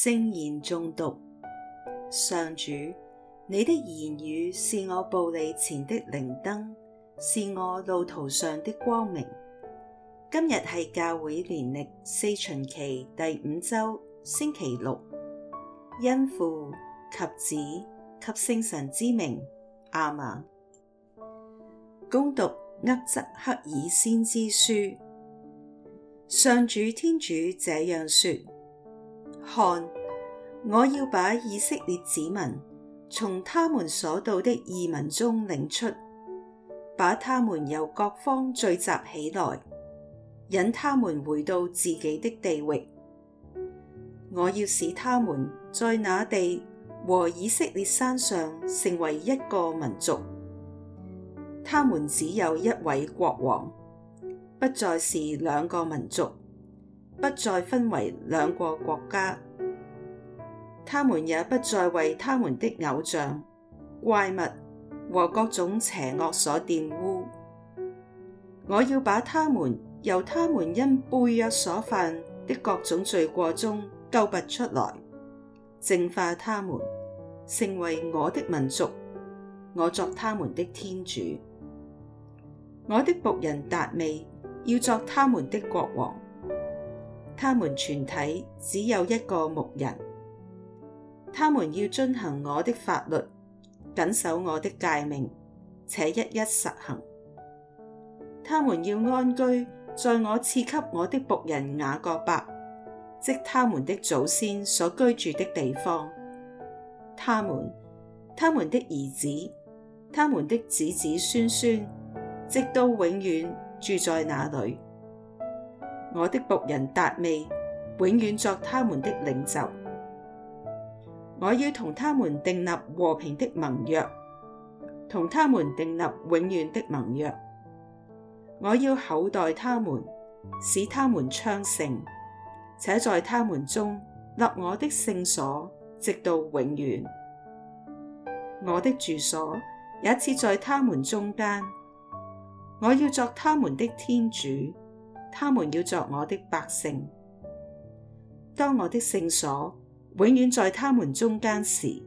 聖言誦讀。上主，你的言語是我步履前的靈燈，是我路途上的光明。今日係教會年曆四旬期第五周星期六，因父及子及聖神之名，阿們。恭讀厄則克耳先知書，上主天主這樣說。看，我要把以色列子民從他們所到的異民中領出，把他們由各方聚集起來，引他們回到自己的地域。我要使他們在那地和以色列山上成為一個民族，他們只有一位國王，不再是兩個民族，不再分為兩個國家。他們也不再為他們的偶像、怪物和各種邪惡所玷污。我要把他們由他們因背約所犯的各種罪過中救拔出來，淨化他們，成為我的民族。我作他們的天主，我的僕人達味要作他們的國王。他們全體只有一個牧人。他們要遵行我的法律，謹守我的誡命，且一一實行。他們要安居在我賜給我的僕人雅各伯，即他們的祖先所居住的地方。他們、他們的兒子、他們的子子孫孫，直到永遠住在那裡。我的僕人達味，永遠作他們的領袖。我要同他們訂立和平的盟約，同他們訂立永遠的盟約。我要厚待他們，使他們昌盛，且在他們中立我的聖所，直到永遠。我的住所也設在他們中間。我要作他們的天主，他們要作我的百姓。當我的聖所。永遠在他們中間時，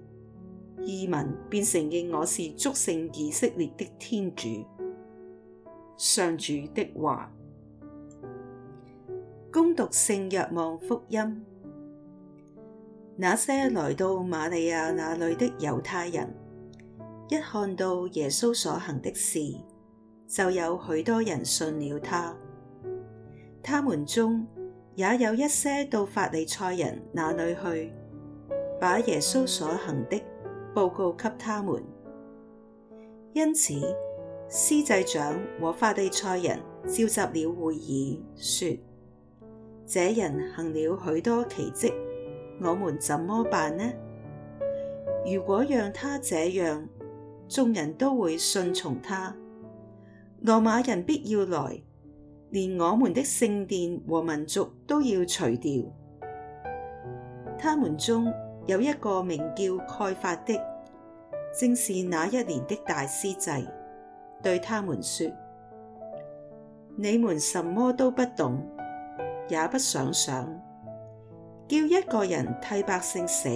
異民便承認我是祝聖以色列的天主。上主的話。恭讀聖若望福音，那些來到瑪利亞那裏的猶太人，一看到耶穌所行的事，就有許多人信了他。他們中也有一些到法利賽人那裏去。把耶穌所行的，報告給他們，因此，司祭長和法利塞人召集了會議，說：這人行了許多奇蹟，我們怎麼辦呢？如果讓他這樣，眾人都會信從他。羅馬人必要來，連我們的聖殿和民族都要除掉。他們中有一個名叫蓋法的，正是那一年的大司祭，對他們說：你們什麼都不懂，也不想想，叫一個人替百姓死，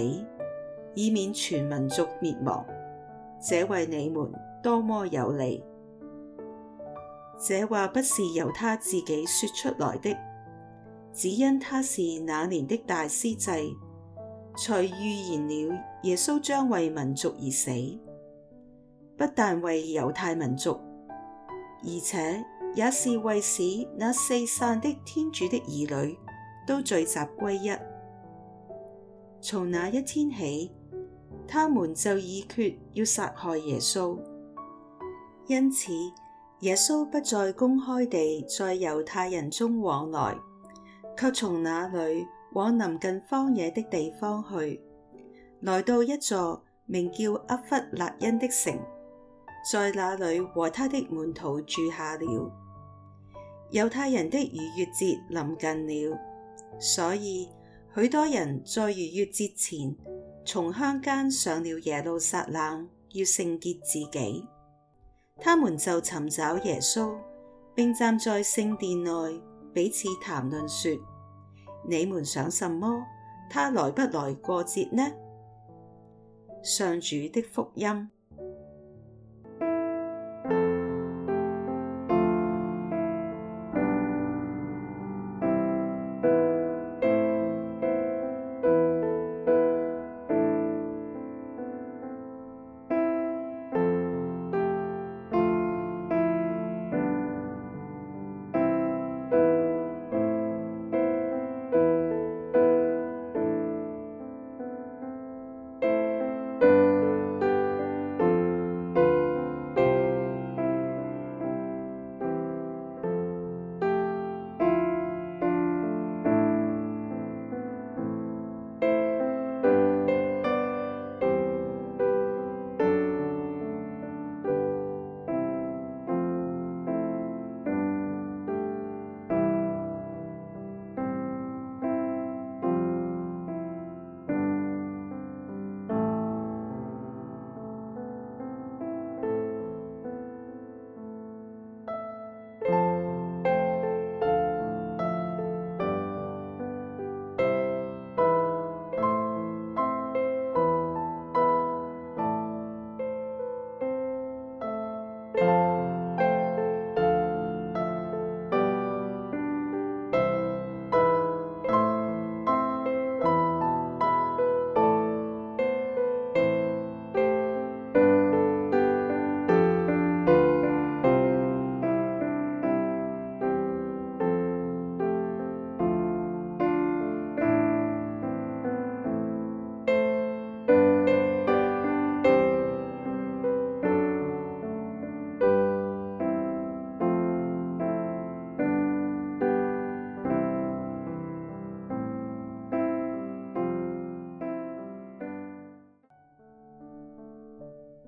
以免全民族滅亡，這為你們多麼有利。這話不是由他自己說出來的，只因他是那年的大司祭。才預言了耶穌將為民族而死，不但為猶太民族，而且也是為使那四散的天主的兒女都聚集歸一。從那一天起，他們就議決要殺害耶穌，因此耶穌不再公開地在猶太人中往來，卻從那裏，往臨近荒野的地方去，來到一座名叫厄弗辣因的城，在那裏和他的門徒住下了。猶太人的逾越節臨近了，所以許多人在逾越節前從鄉間上了耶路撒冷，要聖潔自己。他們就尋找耶穌，並站在聖殿內，彼此談論說。你們想什麼？他來不來過節呢？上主的福音。